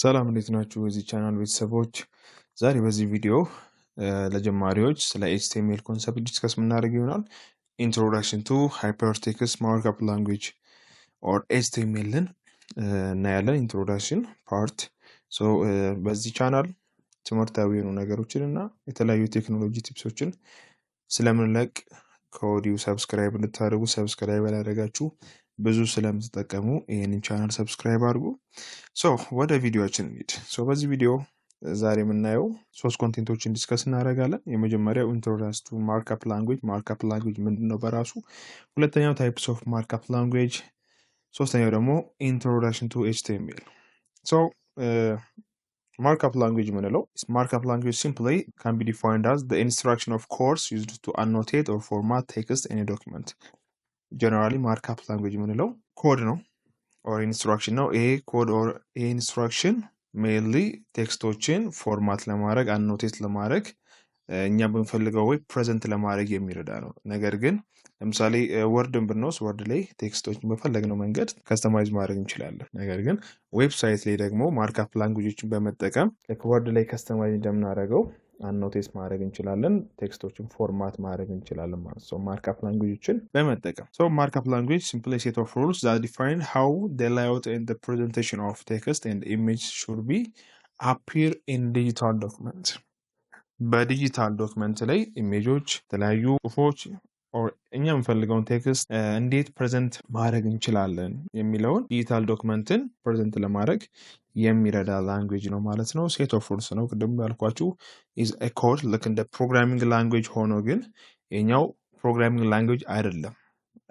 ሰላም እንዴት ናችሁ? የዚህ ቻናል ቤተሰቦች፣ ዛሬ በዚህ ቪዲዮ ለጀማሪዎች ስለ ኤችቲኤምኤል ኮንሰፕት ዲስከስ የምናደርግ ይሆናል። ኢንትሮዳክሽን ቱ ሃይፐርቴክስት ማርክአፕ ላንጉጅ ኦር ኤችቲኤምኤልን እናያለን። ኢንትሮዳክሽን ፓርት። በዚህ ቻናል ትምህርታዊ የሆኑ ነገሮችን እና የተለያዩ ቴክኖሎጂ ቲፕሶችን ስለምንለቅ ከወዲሁ ሰብስክራይብ እንድታደርጉ ሰብስክራይብ ያላደረጋችሁ ብዙ ስለምትጠቀሙ ይህንን ቻናል ሰብስክራይብ አድርጉ። ሶ ወደ ቪዲዮችን እንሂድ። ሶ በዚህ ቪዲዮ ዛሬ የምናየው ሶስት ኮንቴንቶችን ዲስከስ እናደርጋለን። የመጀመሪያው ኢንትሮዳስ ቱ ማርክአፕ ላንጉጅ፣ ማርክአፕ ላንጉጅ ምንድን ነው በራሱ ሁለተኛው ታይፕስ ኦፍ ማርክአፕ ላንጉጅ፣ ሶስተኛው ደግሞ ኢንትሮዳክሽን ቱ ኤችቲኤምኤል ሶ ማርክአፕ ላንጉጅ የምንለው ማርክአፕ ላንጉጅ ሲምፕሊ ካን ቢ ዲፋይንድ አዝ ኢንስትራክሽን ኦፍ ኮርስ ዩዝድ ቱ አኖቴት ኦር ፎርማት ቴክስት ኢን ዶክመንት ጀነራሊ ማርካፕ ላንጉጅ የምንለው ኮድ ነው ኦር ኢንስትራክሽን ነው። ይሄ ኮድ ኦር ይሄ ኢንስትራክሽን ሜንሊ ቴክስቶችን ፎርማት ለማድረግ አኖቴት ለማድረግ እኛ በምፈልገው ወይ ፕሬዘንት ለማድረግ የሚረዳ ነው። ነገር ግን ለምሳሌ ወርድን ብንወስድ ወርድ ላይ ቴክስቶችን በፈለግነው መንገድ ከስተማይዝ ማድረግ እንችላለን። ነገር ግን ዌብሳይት ላይ ደግሞ ማርካፕ ላንጉጆችን በመጠቀም ወርድ ላይ ከስተማይዝ እንደምናደርገው አኖቴስ ማድረግ እንችላለን። ቴክስቶችን ፎርማት ማድረግ እንችላለን ማለት ነው ማርክአፕ ላንጉጆችን በመጠቀም ሶ ማርክአፕ ላንጉጅ ሲምፕሊ ሴት ኦፍ ሩልስ ዛት ዲፋይን ሃው ኤንድ ፕሬዘንቴሽን ኦፍ ቴክስት ኤንድ ኢሜጅ ሹድ ቢ አፒር ኢን ዲጂታል ዶክመንት። በዲጂታል ዶክመንት ላይ ኢሜጆች፣ የተለያዩ ጽሁፎች እኛ የምፈልገውን ቴክስት uh, እንዴት ፕሬዘንት ማድረግ እንችላለን የሚለውን ዲጂታል ዶክመንትን ፕሬዘንት ለማድረግ የሚረዳ ላንጉጅ ነው ማለት ነው። ሴት ኦፍ ሩልስ ነው ቅድም ያልኳችሁ ኢዝ ኮድ ልክ እንደ ፕሮግራሚንግ ላንጉጅ ሆኖ ግን የኛው ፕሮግራሚንግ ላንጉጅ አይደለም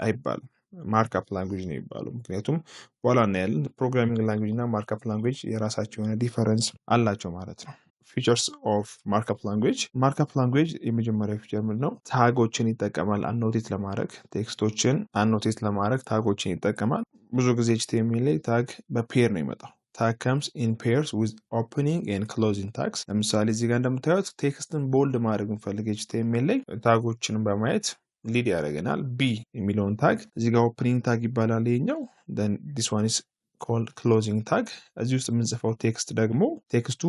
አይባልም። ማርክአፕ ላንጉጅ ነው ይባሉ። ምክንያቱም በኋላ እናያለን። ፕሮግራሚንግ ላንጉጅ እና ማርክአፕ ላንጉጅ የራሳቸው የሆነ ዲፈረንስ አላቸው ማለት ነው። ፊቸርስ ኦፍ ማርክአፕ ላንጉጅ ማርክአፕ ላንጉጅ የመጀመሪያ ፊቸር ምንድን ነው? ታጎችን ይጠቀማል አኖቴት ለማድረግ ቴክስቶችን አኖቴት ለማድረግ ታጎችን ይጠቀማል። ብዙ ጊዜ ችት የሚል ታግ በፔር ነው ይመጣው ታከምስ ኢን ፔርስ ዊዝ ኦፕኒንግ ኤንድ ክሎዚንግ ታክስ። ለምሳሌ እዚህ ጋር እንደምታዩት ቴክስትን ቦልድ ማድረግ እንፈልግ ኤችቲኤምኤል ላይ ታጎችን በማየት ሊድ ያደርገናል። ቢ የሚለውን ታግ እዚህ ጋር ኦፕኒንግ ታግ ይባላል ይሄኛው። ዲስ ዋን ኢስ ኮል ክሎዚንግ ታግ። እዚህ ውስጥ የምንጽፈው ቴክስት ደግሞ ቴክስቱ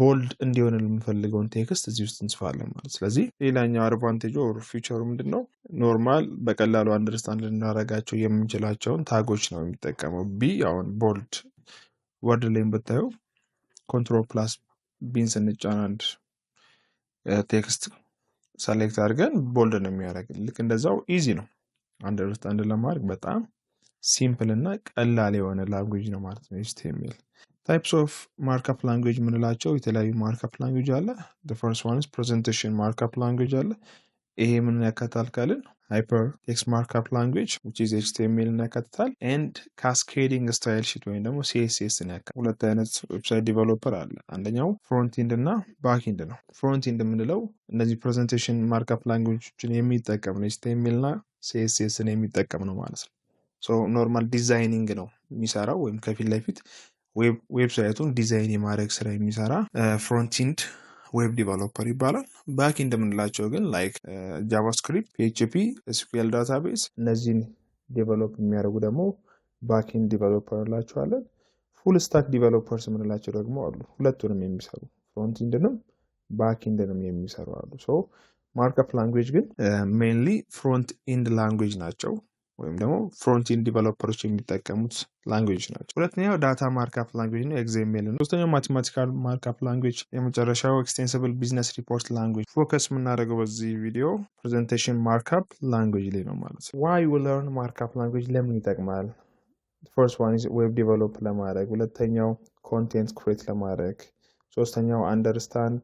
ቦልድ እንዲሆን የምንፈልገውን ቴክስት እዚህ ውስጥ እንጽፋለን ማለት። ስለዚህ ሌላኛው አድቫንቴጅ ኦር ፊቸሩ ምንድን ነው? ኖርማል በቀላሉ አንደርስታንድ ልናደርጋቸው የምንችላቸውን ታጎች ነው የሚጠቀመው። ቢ አሁን ቦልድ ወርድ ላይም ብታየው ኮንትሮል ፕላስ ቢንስ እንጫን አንድ ቴክስት ሰሌክት አድርገን ቦልድ ነው የሚያደርግ። ልክ እንደዛው ኢዚ ነው አንደርስታንድ ለማድረግ በጣም ሲምፕል እና ቀላል የሆነ ላንጉጅ ነው ማለት ነው ኤችቲኤምኤል። ታይፕስ ኦፍ ማርክአፕ ላንጉጅ የምንላቸው የተለያዩ ማርክአፕ ላንጉጅ አለ። ፈርስት ዋንስ ፕሬዘንቴሽን ማርክአፕ ላንጉጅ አለ። ይሄ ምን ያካታል ካልን ሃይፐር ቴክስ ማርክአፕ ላንጉጅ ዊች ኢዝ ኤችቲኤምኤልን ያካትታል ኤንድ ካስኬዲንግ ስታይል ሺት ወይም ደግሞ ሲኤስኤስን ያካ ሁለት አይነት ዌብሳይት ዲቨሎፐር አለ። አንደኛው ፍሮንቲንድ እና ባክኢንድ ነው። ፍሮንቲንድ የምንለው እነዚህ ፕሬዘንቴሽን ማርክአፕ ላንጉጆችን የሚጠቀም ነው። ኤችቲኤምኤል እና ሲኤስኤስን የሚጠቀም ነው ማለት ነው። ኖርማል ዲዛይኒንግ ነው የሚሰራው ወይም ከፊት ለፊት ዌብሳይቱን ዲዛይን የማድረግ ስራ የሚሰራ ፍሮንቲንድ uh, ዌብ ዲቨሎፐር ይባላል። ባክ እንደምንላቸው ግን ላይክ ጃቫስክሪፕት፣ ፒኤችፒ፣ ኤስኩኤል ዳታቤዝ እነዚህን ዴቨሎፕ የሚያደርጉ ደግሞ ባኪን ዲቨሎፐር እንላቸዋለን። ፉል ስታክ ዲቨሎፐርስ የምንላቸው ደግሞ አሉ። ሁለቱንም የሚሰሩ ፍሮንት ኢንድንም ባክ ኢንድንም የሚሰሩ አሉ። ሶ ላንጉጅ ግን ሜንሊ ፍሮንት ኢንድ ላንጉጅ ናቸው። ወይም ደግሞ ፍሮንቲን ዲቨሎፐሮች የሚጠቀሙት ላንጉጅ ናቸው። ሁለተኛው ዳታ ማርካፕ ላንጉጅ ነው ኤግዜሜል ነው። ሶስተኛው ማቴማቲካል ማርካፕ ላንጉጅ፣ የመጨረሻው ኤክስቴንስብል ቢዝነስ ሪፖርት ላንጉጅ። ፎከስ የምናደርገው በዚህ ቪዲዮ ፕሬዘንቴሽን ማርካፕ ላንጉጅ ላይ ነው ማለት ነው። ዋይ ዩ ለርን ማርካፕ ላንጉጅ ለምን ይጠቅማል? ፈርስት ዋን ዌብ ዲቨሎፕ ለማድረግ፣ ሁለተኛው ኮንቴንት ክሬት ለማድረግ፣ ሶስተኛው አንደርስታንድ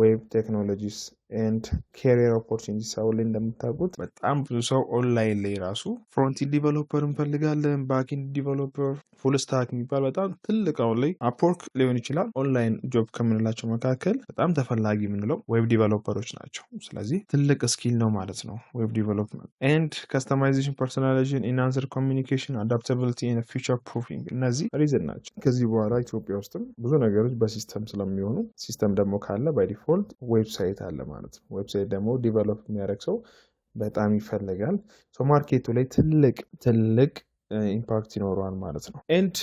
ዌብ ቴክኖሎጂስ ኤንድ ካሪየር ኦፖርቹኒቲስ ሰው ላይ እንደምታውቁት በጣም ብዙ ሰው ኦንላይን ላይ ራሱ ፍሮንቲን ዲቨሎፐር እንፈልጋለን፣ ባኪንድ ዲቨሎፐር፣ ፉል ስታክ የሚባል በጣም ትልቅ አሁን ላይ አፕወርክ ሊሆን ይችላል ኦንላይን ጆብ ከምንላቸው መካከል በጣም ተፈላጊ የምንለው ዌብ ዲቨሎፐሮች ናቸው። ስለዚህ ትልቅ ስኪል ነው ማለት ነው ዌብ ዲቨሎፕመንት ኤንድ ካስተማይዜሽን፣ ፐርሶናላይዜሽን፣ ኢንሃንስድ ኮሚኒኬሽን፣ አዳፕታብሊቲ፣ ኤንድ ፊውቸር ፕሩፊንግ እነዚህ ሪዝን ናቸው። ከዚህ በኋላ ኢትዮጵያ ውስጥም ብዙ ነገሮች በሲስተም ስለሚሆኑ ሲስተም ደግሞ ካለ ባይ ዲፎልት ዌብሳይት አለ ማለት ነው። ዌብሳይት ደግሞ ዲቨሎፕ የሚያደርግ ሰው በጣም ይፈለጋል። ማርኬቱ ላይ ትልቅ ትልቅ ኢምፓክት ይኖረዋል ማለት ነው። ኤንድ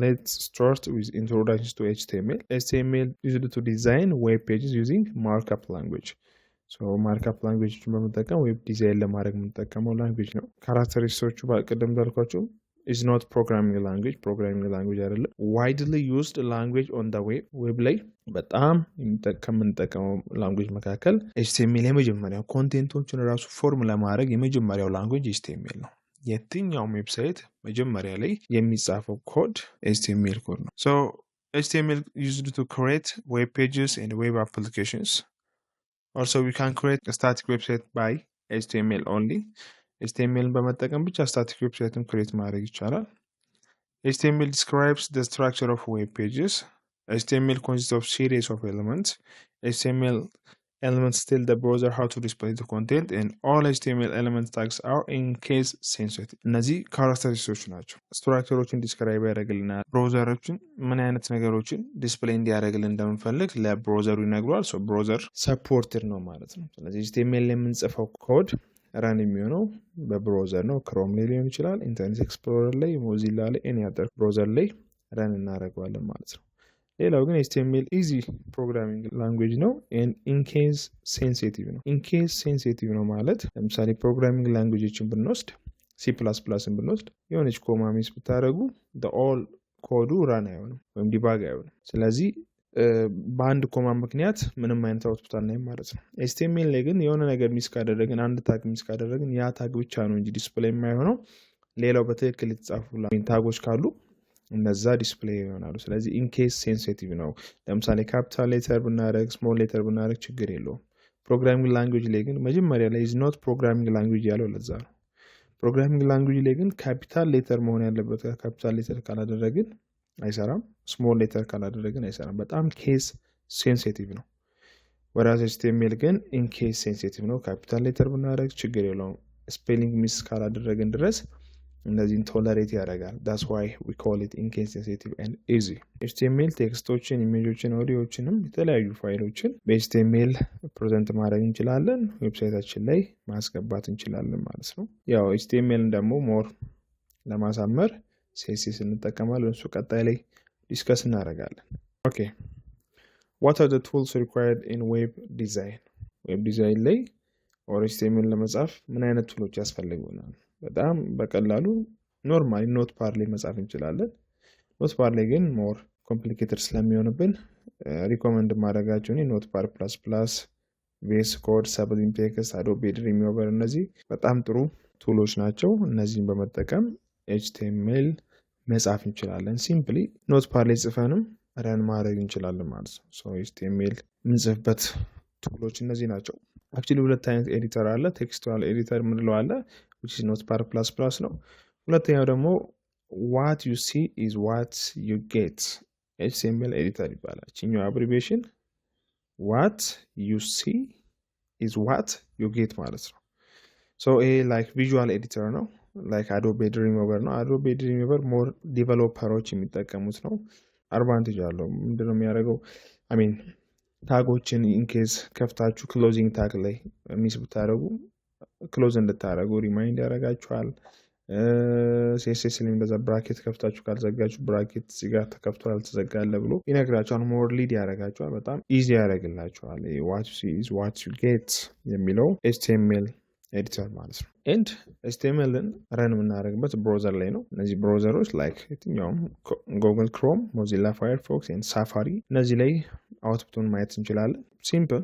ሌትስ ስታርት ዊዝ ኢንትሮዳክሽን ቱ ኤችቲኤምኤል ኤችቲኤምኤል ዩዝድ ቱ ዲዛይን ዌብ ፔጅስ ዩዚንግ ማርክፕ ላንጉጅ ማርክፕ ላንጉጆችን በመጠቀም ዌብ ዲዛይን ለማድረግ የምንጠቀመው ላንጉጅ ነው። ካራክተሪስቶቹ ቅድም እንዳልኳቸው ኢዝ ኖት ፕሮግራሚንግ ላንጉጅ ፕሮግራሚንግ ላንጉጅ አይደለም። ዋይድሊ ዩዝድ ላንጉጅ ኦን ደ ዌብ ዌብ ላይ በጣም ከምንጠቀመው ላንጉጅ መካከል ኤችቲኤምኤል የመጀመሪያው ኮንቴንቶችን ራሱ ፎርም ለማድረግ የመጀመሪያው ላንጉጅ ኤችቲኤምኤል ነው። የትኛውም ዌብሳይት መጀመሪያ ላይ የሚጻፈው ኮድ ኤችቲኤምኤል ኮድ ነው። ሶ ኤችቲኤምኤል ዩዝድ ቱ ክሬት ዌብ ፔጅስ ኤንድ ዌብ አፕሊኬሽንስ ኦልሶ ዊ ካን ክሬት ስታቲክ ዌብሳይት ባይ ኤችቲኤምኤል ኦንሊ ኤችቲኤምኤልን በመጠቀም ብቻ ስታቲክ ዌብሳይትን ክሬት ማድረግ ይቻላል። ኤችቲኤምኤል ዲስክራይብስ ዘ ስትራክቸር ኦፍ ዌብ ፔጅስ ኤችቲኤምኤል ኮንሲስት ኦፍ ሲሪስ ኦፍ ኤለመንትስ ኤችቲኤምኤል elements tell the browser how to display the content and all html element tags are in case sensitive እነዚህ ካራክተሪስቶች ናቸው ስትራክቸሮችን ዲስክራይብ ያደርግልናል ብሮዘሮችን ምን አይነት ነገሮችን ዲስፕሌይ እንዲያደርግልን እንደምንፈልግ ለብሮዘሩ ይነግሯል ብሮዘር ሰፖርትድ ነው ማለት ነው ስለዚህ html የምንጽፈው ኮድ ረን የሚሆነው በብሮዘር ነው። ክሮም ላይ ሊሆን ይችላል፣ ኢንተርኔት ኤክስፕሎረር ላይ፣ ሞዚላ ላይ፣ ኤኒ አደር ብሮዘር ላይ ረን እናደርገዋለን ማለት ነው። ሌላው ግን ኤችቲኤምኤል ኢዚ ፕሮግራሚንግ ላንጉጅ ነው። ኢንኬዝ ሴንሲቲቭ ነው። ኢንኬዝ ሴንሲቲቭ ነው ማለት ለምሳሌ ፕሮግራሚንግ ላንጉጆችን ብንወስድ ሲ ፕላስ ፕላስን ብንወስድ የሆነች ኮማ ሚስ ብታደረጉ ኦል ኮዱ ራን አይሆንም ወይም ዲባግ አይሆንም። ስለዚህ በአንድ ኮማ ምክንያት ምንም አይነት አውትፑት አናይም ማለት ነው። ኤስቲኤምኤል ላይ ግን የሆነ ነገር ሚስ ካደረግን፣ አንድ ታግ ሚስ ካደረግን ያ ታግ ብቻ ነው እንጂ ዲስፕሌይ የማይሆነው ሌላው በትክክል የተጻፉ ታጎች ካሉ እነዛ ዲስፕሌይ ይሆናሉ። ስለዚህ ኢንኬስ ሴንሲቲቭ ነው። ለምሳሌ ካፒታል ሌተር ብናደረግ፣ ስሞል ሌተር ብናደረግ ችግር የለውም። ፕሮግራሚንግ ላንጉጅ ላይ ግን መጀመሪያ ላይ ኢዝ ኖት ፕሮግራሚንግ ላንጉጅ ያለው ለዛ ነው። ፕሮግራሚንግ ላንጉጅ ላይ ግን ካፒታል ሌተር መሆን ያለበት ካፒታል ሌተር ካላደረግን አይሰራም። ስሞል ሌተር ካላደረግን አይሰራም። በጣም ኬስ ሴንሲቲቭ ነው። ወራዚ ኤችቲኤምኤል ግን ኢንኬስ ሴንሲቲቭ ነው። ካፒታል ሌተር ብናደረግ ችግር የለውም። ስፔሊንግ ሚስ ካላደረግን ድረስ እነዚህን ቶለሬት ያደርጋል። ዳስ ዋይ ዊ ኮል ኢት ኢንኬስ ሴንሲቲቭ ኤንድ ኢዚ። ኤችቲኤምኤል ቴክስቶችን፣ ኢሜጆችን፣ ኦዲዮዎችንም የተለያዩ ፋይሎችን በኤችቲኤምኤል ፕሬዘንት ማድረግ እንችላለን። ዌብሳይታችን ላይ ማስገባት እንችላለን ማለት ነው። ያው ኤችቲኤምኤልን ደግሞ ሞር ለማሳመር ሴንሴስ እንጠቀማለን። እሱ ቀጣይ ላይ ዲስከስ እናደርጋለን። ኦኬ ዋት አር ዘ ቱልስ ሪኳየርድ ኢን ዌብ ዲዛይን። ዌብ ዲዛይን ላይ ኦር ኤችቲኤምን ለመጻፍ ምን አይነት ቱሎች ያስፈልጉናል? በጣም በቀላሉ ኖርማሊ ኖት ፓር ላይ መጻፍ እንችላለን። ኖት ፓር ላይ ግን ሞር ኮምፕሊኬትድ ስለሚሆንብን ሪኮመንድ ማድረጋቸው እኔ ኖት ፓር ፕላስ ፕላስ፣ ቤስ ኮድ፣ ሰብሊም ቴክስት፣ አዶቤ ድሪም ዌቨር እነዚህ በጣም ጥሩ ቱሎች ናቸው። እነዚህን በመጠቀም ኤችቲኤምኤል መጻፍ እንችላለን። ሲምፕሊ ኖት ፓድ ላይ ጽፈንም ረን ማድረግ እንችላለን ማለት ነው። ሶ ኤችቲኤምኤል የምንጽፍበት ቱሎች እነዚህ ናቸው። አክቹሊ ሁለት አይነት ኤዲተር አለ። ቴክስቱዋል ኤዲተር የምንለው አለ ኖት ፓድ ፕላስ ፕላስ ነው። ሁለተኛው ደግሞ ዋት ዩ ሲ ኢዝ ዋት ዩ ጌት ኤችቲኤምኤል ኤዲተር ይባላል። ችኛው አብሪቤሽን ዋት ዩ ሲ ኢዝ ዋት ዩ ጌት ማለት ነው። ሶ ይሄ ላይክ ቪዥዋል ኤዲተር ነው። ላይክ አዶቤ ኦቨር ነው። አዶቤ ኦቨር ሞር ዲቨሎፐሮች የሚጠቀሙት ነው። አድቫንቴጅ አለው። ምንድነው የሚያደርገው? አሚን ታጎችን ኢንኬዝ ከፍታችሁ ክሎዚንግ ታግ ላይ ሚስ ብታደረጉ ክሎዝ እንድታደረጉ ሪማይንድ ያደረጋችኋል። ሴሴስ ሊም በዛ ብራኬት ከፍታችሁ ካልዘጋችሁ ብራኬት እዚህ ጋር ተከፍቶ አልተዘጋለ ብሎ ይነግራችኋል። ሞር ሊድ ያደርጋችኋል። በጣም ኢዚ ያደርግላችኋል። ዋት ዩ ሲ ኢዝ ዋት ዩ ጌት የሚለው ኤችቲኤምኤል ኤዲተር ማለት ነው። ኤንድ ኤስቲኤምኤልን ረን የምናደርግበት ብሮዘር ላይ ነው። እነዚህ ብሮዘሮች ላይክ የትኛውም ጎግል ክሮም፣ ሞዚላ ፋየርፎክስ፣ ሳፋሪ እነዚህ ላይ አውትፑቱን ማየት እንችላለን። ሲምፕል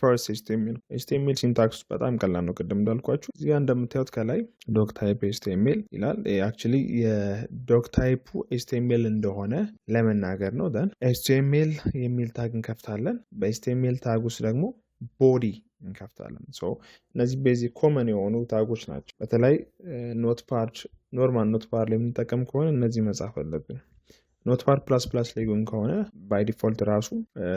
ፈርስት ኤስቲኤምኤል ኤስቲኤምኤል ሲንታክስ በጣም ቀላል ነው። ቅድም እንዳልኳችሁ እዚጋ እንደምታዩት ከላይ ዶክ ታይፕ ኤስቲኤምኤል ይላል። አክቹዋሊ የዶክ ታይፑ ኤስቲኤምኤል እንደሆነ ለመናገር ነው። ደን ኤስቲኤምኤል የሚል ታግ እንከፍታለን። በኤስቲኤምኤል ታግ ውስጥ ደግሞ ቦዲ እንከፍታለን። እነዚህ ቤዚክ ኮመን የሆኑ ታጎች ናቸው። በተለይ ኖትፓድ ኖርማል ኖትፓድ ላይ የምንጠቀም ከሆነ እነዚህ መጻፍ አለብን። ኖትፓድ ፕላስ ፕላስ ላይ ግን ከሆነ ባይ ዲፎልት ራሱ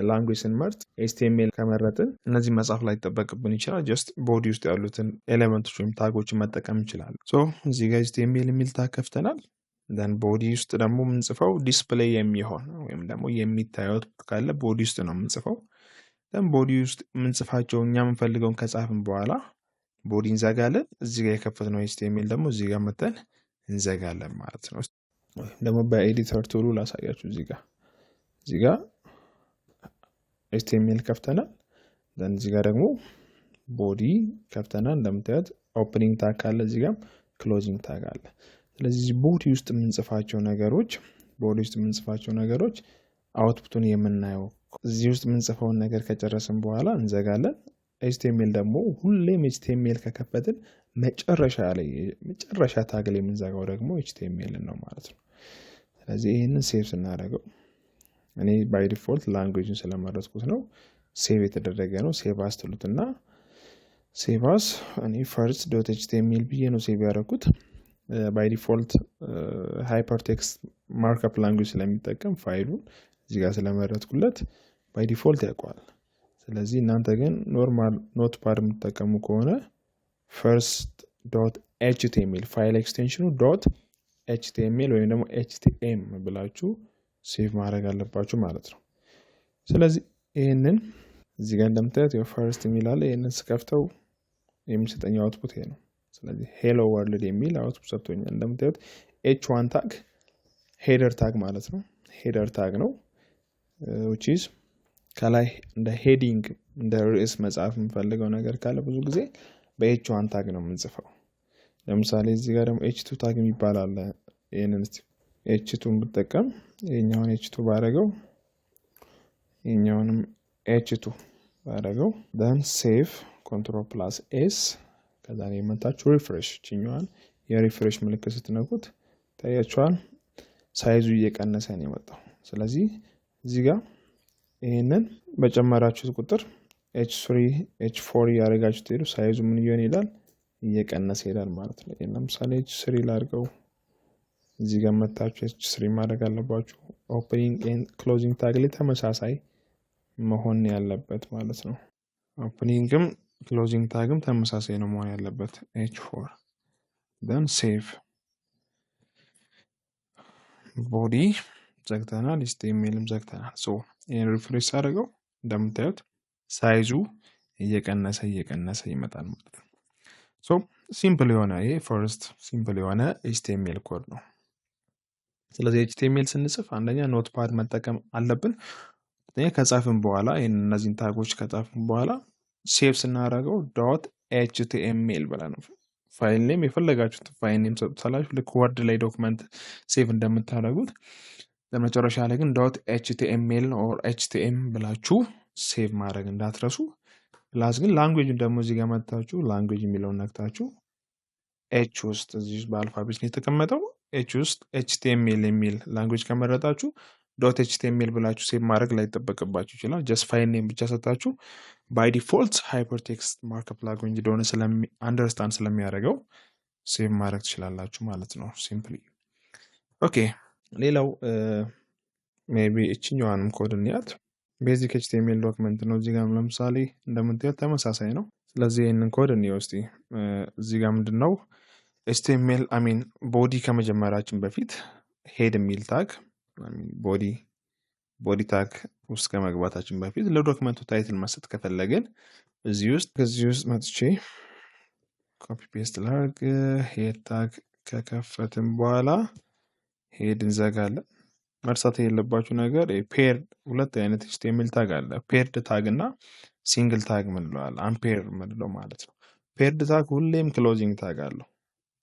ላንጉጅ ስንመርጥ ኤስቲኤምኤል ከመረጥን እነዚህ መጻፍ ላይ ይጠበቅብን ይችላል። ጀስት ቦዲ ውስጥ ያሉትን ኤሌመንቶች ወይም ታጎችን መጠቀም ሶ እዚህ ጋር ኤስቲኤምኤል የሚል ታግ ከፍተናል። ደን ቦዲ ውስጥ ደግሞ የምንጽፈው ዲስፕሌይ የሚሆን ወይም ደግሞ የሚታየው ካለ ቦዲ ውስጥ ነው የምንጽፈው ደን ቦዲ ውስጥ የምንጽፋቸው እኛ የምንፈልገውን ከጻፍን በኋላ ቦዲ እንዘጋለን። እዚህ ጋር የከፈት ነው የከፈትነው የሚል ደግሞ እዚህ ጋር መተን እንዘጋለን ማለት ነው። ወይም ደግሞ በኤዲተር ቶሉ ላሳያችሁ። እዚህ ጋር እዚህ ጋር የሚል ከፍተናል። ዘን እዚህ ጋር ደግሞ ቦዲ ከፍተናል። እንደምታዩት ኦፕኒንግ ታግ ካለ እዚህ ጋር ክሎዚንግ ታግ አለ። ስለዚህ ቦዲ ውስጥ የምንጽፋቸው ነገሮች ቦዲ ውስጥ የምንጽፋቸው ነገሮች አውትፑቱን የምናየው እዚህ ውስጥ የምንጽፈውን ነገር ከጨረስን በኋላ እንዘጋለን። ኤችቲኤምኤል ደግሞ ሁሌም ኤችቲኤምኤል ከከፈትን መጨረሻ ላይ መጨረሻ ታግል የምንዘጋው ደግሞ ኤችቲኤምኤልን ነው ማለት ነው። ስለዚህ ይህንን ሴቭ ስናደርገው እኔ ባይ ዲፎልት ላንጉጅን ስለመረጥኩት ነው ሴቭ የተደረገ ነው። ሴቭ አስ ትሉትና ሴቫስ እኔ ፈርስት ዶት ኤችቲኤምኤል ብዬ ነው ሴቭ ያደረኩት። ባይ ዲፎልት ሃይፐርቴክስት ማርክፕ ላንጉጅ ስለሚጠቀም ፋይሉን እዚህ ጋር ስለመረጥኩለት ባይ ዲፎልት ያውቀዋል። ስለዚህ እናንተ ግን ኖርማል ኖት ፓድ የምትጠቀሙ ከሆነ ፈርስት ዶት ኤችቲኤምኤል ፋይል ኤክስቴንሽኑ ዶት ኤችቲኤምኤል ወይም ደግሞ ኤችቲኤም ብላችሁ ሴቭ ማድረግ አለባችሁ ማለት ነው። ስለዚህ ይህንን እዚህ ጋር እንደምታዩት ፈርስት የሚል አለ። ይህንን ስከፍተው የሚሰጠኝ አውትፑት ይሄ ነው። ስለዚህ ሄሎ ወርልድ የሚል አውትፑት ሰጥቶኛል። እንደምታዩት ኤች ዋን ታግ ሄደር ታግ ማለት ነው። ሄደር ታግ ነው። ዊችዝ ከላይ እንደ ሄዲንግ እንደ ርዕስ መጽሐፍ የምፈልገው ነገር ካለ ብዙ ጊዜ በኤች ዋን ታግ ነው የምንጽፈው ለምሳሌ እዚህ ጋር ደግሞ ኤችቱ ታግ የሚባል አለ ይህንን ኤችቱን ብጠቀም ይህኛውን ኤችቱ ባረገው ይህኛውንም ኤችቱ ባረገው ደን ሴቭ ኮንትሮል ፕላስ ኤስ ከዛ የመታችሁ ሪፍሬሽ ችኛዋን የሪፍሬሽ ምልክት ስትነኩት ታያችኋል ሳይዙ እየቀነሰ ነው የመጣው ስለዚህ እዚህ ጋር ይህንን በጨመራችሁት ቁጥር ኤች ስሪ ኤች ፎር እያደረጋችሁ ትሄዱ ሳይዙ ምን እየሆን ይላል እየቀነሰ ይሄዳል ማለት ነው። ለምሳሌ ኤች ስሪ ላድርገው። እዚህ ጋር መታችሁ ኤች ስሪ ማድረግ አለባችሁ። ኦፕኒንግ ኤንድ ክሎዚንግ ታግ ላይ ተመሳሳይ መሆን ያለበት ማለት ነው። ኦፕኒንግም ክሎዚንግ ታግም ተመሳሳይ ነው መሆን ያለበት። ኤች ፎር ደን ሴቭ ቦዲ ዘግተናል። ስ ኢስቲኤምኤልም ዘግተናል። ሶ ይህን ሪፍሬሽ ሳደርገው እንደምታዩት ሳይዙ እየቀነሰ እየቀነሰ ይመጣል ማለት ነው። ሶ ሲምፕል የሆነ ይሄ ፈርስት ሲምፕል የሆነ ኤችቲኤምኤል ኮድ ነው። ስለዚህ ኤችቲኤምኤል ስንጽፍ አንደኛ ኖት ፓድ መጠቀም አለብን። ሁለተኛ ከጻፍን በኋላ ይህን እነዚህን ታጎች ከጻፍን በኋላ ሴቭ ስናደርገው ዶት ኤችቲኤምኤል ብለን ነው ፋይል ኔም የፈለጋችሁት ፋይል ኔም ሰጡታላችሁ። ልክ ወርድ ላይ ዶክመንት ሴቭ እንደምታደርጉት ለመጨረሻ ላይ ግን ዶት ኤችቲኤምኤል ኦር ኤችቲኤም ብላችሁ ሴቭ ማድረግ እንዳትረሱ። ፕላስ ግን ላንጉጅን ደግሞ እዚህ ጋር መታችሁ ላንጉጅ የሚለውን ነክታችሁ ኤች ውስጥ እዚህ በአልፋቤት ነው የተቀመጠው። ኤች ውስጥ ኤችቲኤምኤል የሚል ላንጉጅ ከመረጣችሁ ዶት ኤችቲኤምኤል ብላችሁ ሴቭ ማድረግ ላይጠበቅባችሁ ይችላል። ጀስት ፋይል ኔም ብቻ ሰጣችሁ ባይ ዲፎልት ሃይፐርቴክስት ማርክፕ ላንጉጅ እንደሆነ አንደርስታንድ ስለሚያደርገው ሴቭ ማድረግ ትችላላችሁ ማለት ነው ሲምፕሊ ኦኬ። ሌላው ሜይ ቢ እችኛዋንም ኮድ እንያት ቤዚክ ኤችቲኤምኤል ዶክመንት ነው። እዚህ ጋም ለምሳሌ እንደምትያት ተመሳሳይ ነው። ስለዚህ ይህንን ኮድ እንየው እስቲ። እዚህ ጋ ምንድን ነው ኤችቲኤምኤል አሚን ቦዲ ከመጀመራችን በፊት ሄድ የሚል ታግ ቦዲ ቦዲ ታግ ውስጥ ከመግባታችን በፊት ለዶክመንቱ ታይትል መስጠት ከፈለግን እዚህ ውስጥ ከዚህ ውስጥ መጥቼ ኮፒ ፔስት ላርግ ሄድ ታግ ከከፈትን በኋላ ሄድ እንዘጋለን። መርሳት የለባችሁ ነገር ፔር ሁለት አይነት ኤችቲኤምኤል ታግ አለ። ፔርድ ታግ እና ሲንግል ታግ ምንለዋል አምፔር ምንለው ማለት ነው። ፔርድ ታግ ሁሌም ክሎዚንግ ታግ አለው።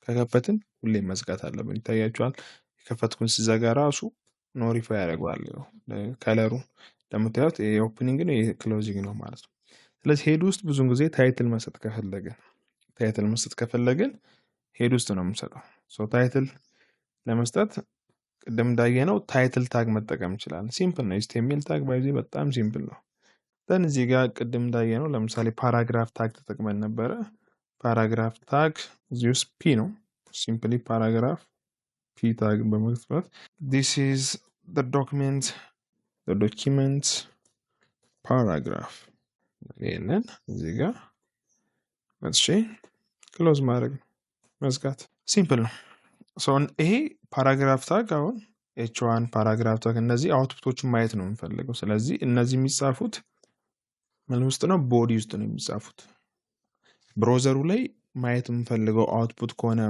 ከከፈትን ሁሌም መዝጋት አለብን። ይታያችኋል። የከፈትኩን ስዘጋ ራሱ ኖሪፋይ ያደርገዋል። ከለሩ ለምታዩት የኦፕኒንግ ነው የክሎዚንግ ነው ማለት ነው። ስለዚህ ሄድ ውስጥ ብዙን ጊዜ ታይትል መሰጥ ከፈለግን ታይትል መስጠት ከፈለግን ሄድ ውስጥ ነው የምንሰጠው። ታይትል ለመስጠት ቅድም እንዳየ ነው ታይትል ታግ መጠቀም ይችላል። ሲምፕል ነው። ኤችቲኤምኤል ታግ ባይዚ በጣም ሲምፕል ነው። ደን እዚህ ጋር ቅድም እንዳየ ነው። ለምሳሌ ፓራግራፍ ታግ ተጠቅመን ነበረ። ፓራግራፍ ታግ እዚህ ውስጥ ፒ ነው። ሲምፕሊ ፓራግራፍ ፒ ታግ በመግባት ዲስ ኢዝ ዶክመንት ዶኪመንት ፓራግራፍ ይህንን እዚህ ጋር መጥቼ ክሎዝ ማድረግ መዝጋት። ሲምፕል ነው። ይሄ ፓራግራፍ ታግ አሁን ኤች ዋን ፓራግራፍ ታግ እነዚህ አውትፑቶችን ማየት ነው የምንፈልገው። ስለዚህ እነዚህ የሚጻፉት ምን ውስጥ ነው? ቦዲ ውስጥ ነው የሚጻፉት። ብሮዘሩ ላይ ማየት የምንፈልገው አውትፑት ከሆነ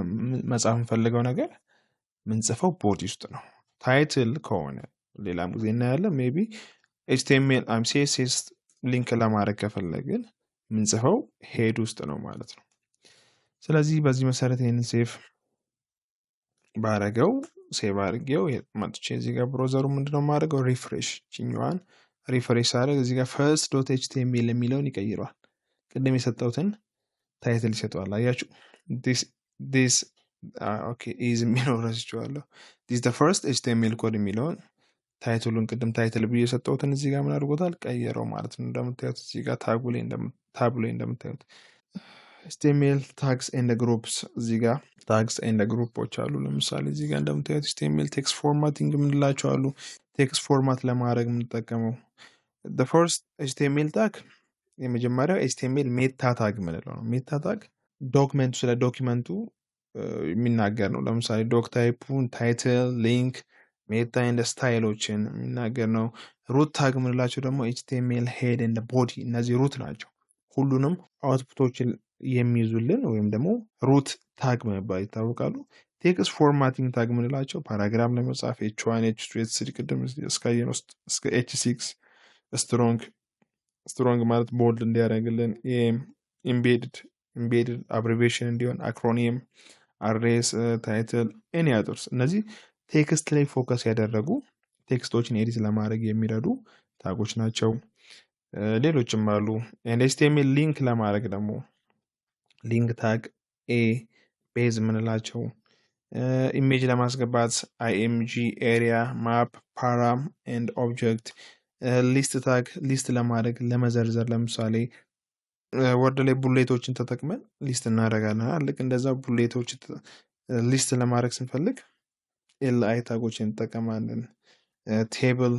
መጻፍ የምንፈልገው ነገር ምንጽፈው ቦዲ ውስጥ ነው። ታይትል ከሆነ ሌላም ጊዜ እናያለን። ሜይ ቢ ኤችቲኤምኤል ሲኤስኤስ ሊንክ ለማድረግ ከፈለግን ምንጽፈው ሄድ ውስጥ ነው ማለት ነው። ስለዚህ በዚህ መሰረት ይህንን ሴፍ ባረገው ሴቭ አድርጌው መጥቼ እዚህ ጋር ብሮዘሩ ምንድነው ማድረገው ሪፍሬሽ ችኛዋን ሪፍሬሽ ሳደርግ እዚህ ጋር ፈርስት ዶት ኤችቲኤምኤል የሚለውን ይቀይረዋል። ቅድም የሰጠውትን ታይትል ይሰጠዋል። አያችሁ ዲስ ኦኬ ኢዝ የሚለው ረስቼዋለሁ። ዲስ ዘ ፈርስት ኤችቲኤምኤል ኮድ የሚለውን ታይትሉን ቅድም ታይትል ብዬ የሰጠውትን እዚህ ጋር ምን አድርጎታል ቀየረው ማለት ነው። እንደምታዩት እዚህ ጋር ታቡ ላይ እንደምታዩት ስቴሜል ታግስ ኤንድ ግሩፕስ እዚህ ጋር ታግስ ኤንድ ግሩፖች አሉ። ለምሳሌ እዚህ ጋር እንደምታዩት ስቴሜል ቴክስ ፎርማቲንግ የምንላቸው አሉ። ቴክስ ፎርማት ለማድረግ የምንጠቀመው ፈርስት ስቴሜል ታግ የመጀመሪያው ስቴሜል ሜታ ታግ ምንለው ነው። ሜታ ታግ ዶክመንቱ ስለ ዶኪመንቱ የሚናገር ነው። ለምሳሌ ዶክ ታይፑን፣ ታይትል፣ ሊንክ፣ ሜታ ኤንድ ስታይሎችን የሚናገር ነው። ሩት ታግ ምንላቸው ደግሞ ኤችቲኤምኤል ሄድ ኤንድ ቦዲ እነዚህ ሩት ናቸው። ሁሉንም አውትፑቶችን የሚይዙልን ወይም ደግሞ ሩት ታግ መባል ይታወቃሉ። ቴክስ ፎርማቲንግ ታግ የምንላቸው ፓራግራም ለመጻፍ ኤች ዋን ኤች ቱ ኤች ስሪ ቅድም እስካየን ውስጥ እስከ ኤች ሲክስ ስትሮንግ ስትሮንግ ማለት ቦልድ እንዲያደርግልን ኢምቤድድ ኢምቤድድ አብሪቬሽን እንዲሆን አክሮኒየም አሬስ ታይትል ኤኒ አዘርስ እነዚህ ቴክስት ላይ ፎከስ ያደረጉ ቴክስቶችን ኤዲት ለማድረግ የሚረዱ ታጎች ናቸው። ሌሎችም አሉ። ኤችቲኤምኤል ሊንክ ለማድረግ ደግሞ ሊንክ ታግ ኤ ቤዝ የምንላቸው ኢሜጅ ለማስገባት አይኤምጂ ኤሪያ ማፕ ፓራ ኤንድ ኦብጀክት ሊስት ታግ ሊስት ለማድረግ ለመዘርዘር ለምሳሌ ወርድ ላይ ቡሌቶችን ተጠቅመን ሊስት እናደርጋለን ልክ እንደዛ ቡሌቶች ሊስት ለማድረግ ስንፈልግ ኤል አይ ታጎችን እንጠቀማለን ቴብል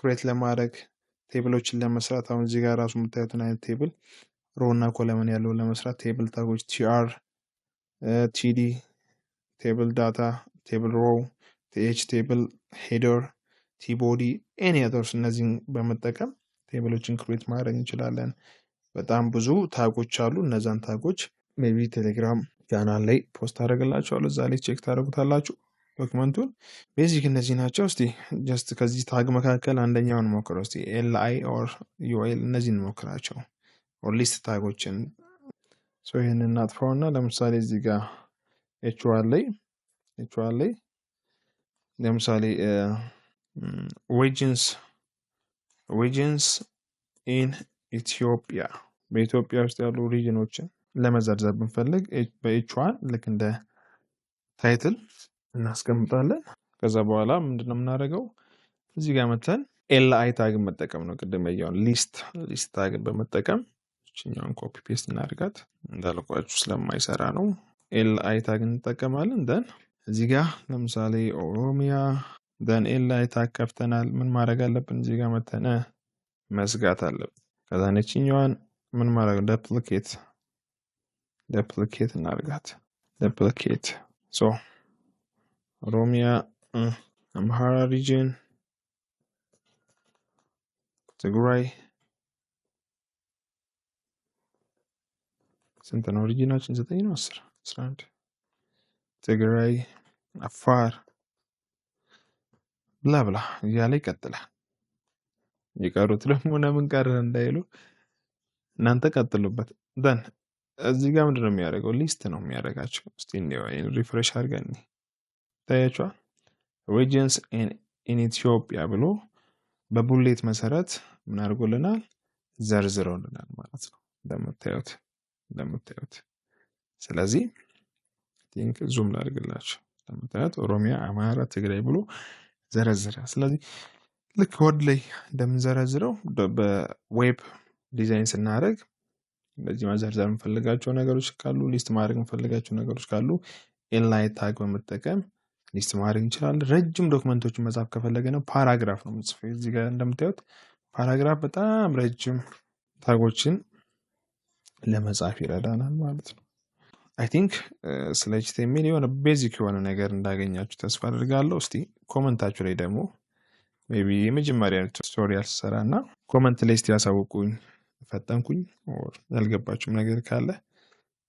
ክሬት ለማድረግ ቴብሎችን ለመስራት አሁን እዚህ ጋር ራሱ የምታዩትን አይነት ቴብል ሮ እና ኮለመን ያለው ለመስራት ቴብል ታጎች ቲአር፣ ቲዲ፣ ቴብል ዳታ፣ ቴብል ሮ፣ ቲኤች ቴብል፣ ሄደር፣ ቲቦዲ ኤኒ አዘርስ እነዚህን በመጠቀም ቴብሎችን ክሬት ማድረግ እንችላለን። በጣም ብዙ ታጎች አሉ። እነዛን ታጎች ቢ ቴሌግራም ቻናል ላይ ፖስት አደረግላችኋለሁ። እዛ ላይ ቼክ ታደረጉታላችሁ ዶክመንቱን። ቤዚክ እነዚህ ናቸው። እስቲ ጀስት ከዚህ ታግ መካከል አንደኛውን ሞክረው። እስቲ ኤልአይ ኦር ዩኤል እነዚህን ሞክራቸው። ሊስት ታጎችን ሰው ይህን እናጥፋው እና ለምሳሌ እዚህ ጋር ኤችዋን ላይ ላይ ለምሳሌ ዌጅንስ ዌጅንስ ኢን ኢትዮጵያ በኢትዮጵያ ውስጥ ያሉ ሪጅኖችን ለመዘርዘር ብንፈልግ በኤችዋን ልክ እንደ ታይትል እናስቀምጣለን። ከዛ በኋላ ምንድነው የምናደርገው? እዚህ ጋር መተን ኤልአይ ታግን መጠቀም ነው። ቅድም ያየውን ሊስት ሊስት ታግን በመጠቀም እችኛውን ኮፒ ፔስት እናደርጋት እንዳልኳችሁ ስለማይሰራ ነው። ኤል አይ ታግ እንጠቀማለን። ደን እዚ ጋ ለምሳሌ ኦሮሚያ ደን ኤል አይ ታግ ከፍተናል። ምን ማድረግ አለብን? እዚ ጋ መተነ መዝጋት አለብን። ከዛ ነችኛዋን ምን ማድረግ ደፕሊኬት ደፕሊኬት እናደርጋት ደፕሊኬት ሶ ኦሮሚያ አምሃራ ሪጅን ትግራይ ስንት ነው ኦሪጂናችን? ዘጠኝ ነው አስር አስራ አንድ ትግራይ፣ አፋር ብላ ብላ እያለ ይቀጥላል። የቀሩት ደግሞ ለምን ቀረ እንዳይሉ እናንተ ቀጥሉበት። ደን እዚህ ጋር ምንድነው ነው የሚያደርገው? ሊስት ነው የሚያደርጋቸው። እስቲ ሪፍሬሽ አድርገን ታያቸዋል። ሪጅንስ ኢን ኢትዮጵያ ብሎ በቡሌት መሰረት ምን አድርጎልናል? ዘርዝረውልናል ማለት ነው እንደምታዩት እንደምታዩት። ስለዚህ ቲንክ ዙም ላድርግላችሁ እንደምታዩት ኦሮሚያ፣ አማራ፣ ትግራይ ብሎ ዘረዝረ። ስለዚህ ልክ ወድ ላይ እንደምንዘረዝረው በዌብ ዲዛይን ስናደርግ እንደዚህ መዘርዘር የምፈልጋቸው ነገሮች ካሉ ሊስት ማድረግ የምፈልጋቸው ነገሮች ካሉ ኢንላይን ታግ በመጠቀም ሊስት ማድረግ እንችላለን። ረጅም ዶክመንቶችን መጻፍ ከፈለገ ነው ፓራግራፍ ነው ምጽፍ። እዚህ ጋር እንደምታዩት ፓራግራፍ በጣም ረጅም ታጎችን ለመጻፍ ይረዳናል ማለት ነው። አይ ቲንክ uh, ስለ ኤችቲኤምኤል የሆነ ቤዚክ የሆነ ነገር እንዳገኛችሁ ተስፋ አድርጋለሁ። እስቲ ኮመንታችሁ ላይ ደግሞ ሜይ ቢ የመጀመሪያ ቱቶሪያል ስሰራ እና ኮመንት ላይ እስቲ ያሳውቁኝ። ፈጠንኩኝ ያልገባችሁም ነገር ካለ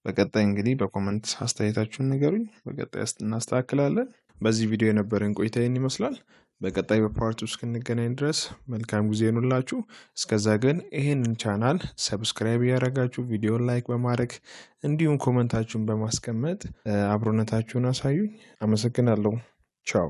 በቀጣይ እንግዲህ በኮመንት አስተያየታችሁን ንገሩኝ። በቀጣይ እናስተካክላለን። በዚህ ቪዲዮ የነበረን ቆይታ ይህን ይመስላል። በቀጣይ በፓርት እስክንገናኝ ድረስ መልካም ጊዜ ይኑላችሁ። እስከዛ ግን ይህንን ቻናል ሰብስክራይብ እያደረጋችሁ ቪዲዮ ላይክ በማድረግ እንዲሁም ኮመንታችሁን በማስቀመጥ አብሮነታችሁን አሳዩኝ። አመሰግናለሁ። ቻው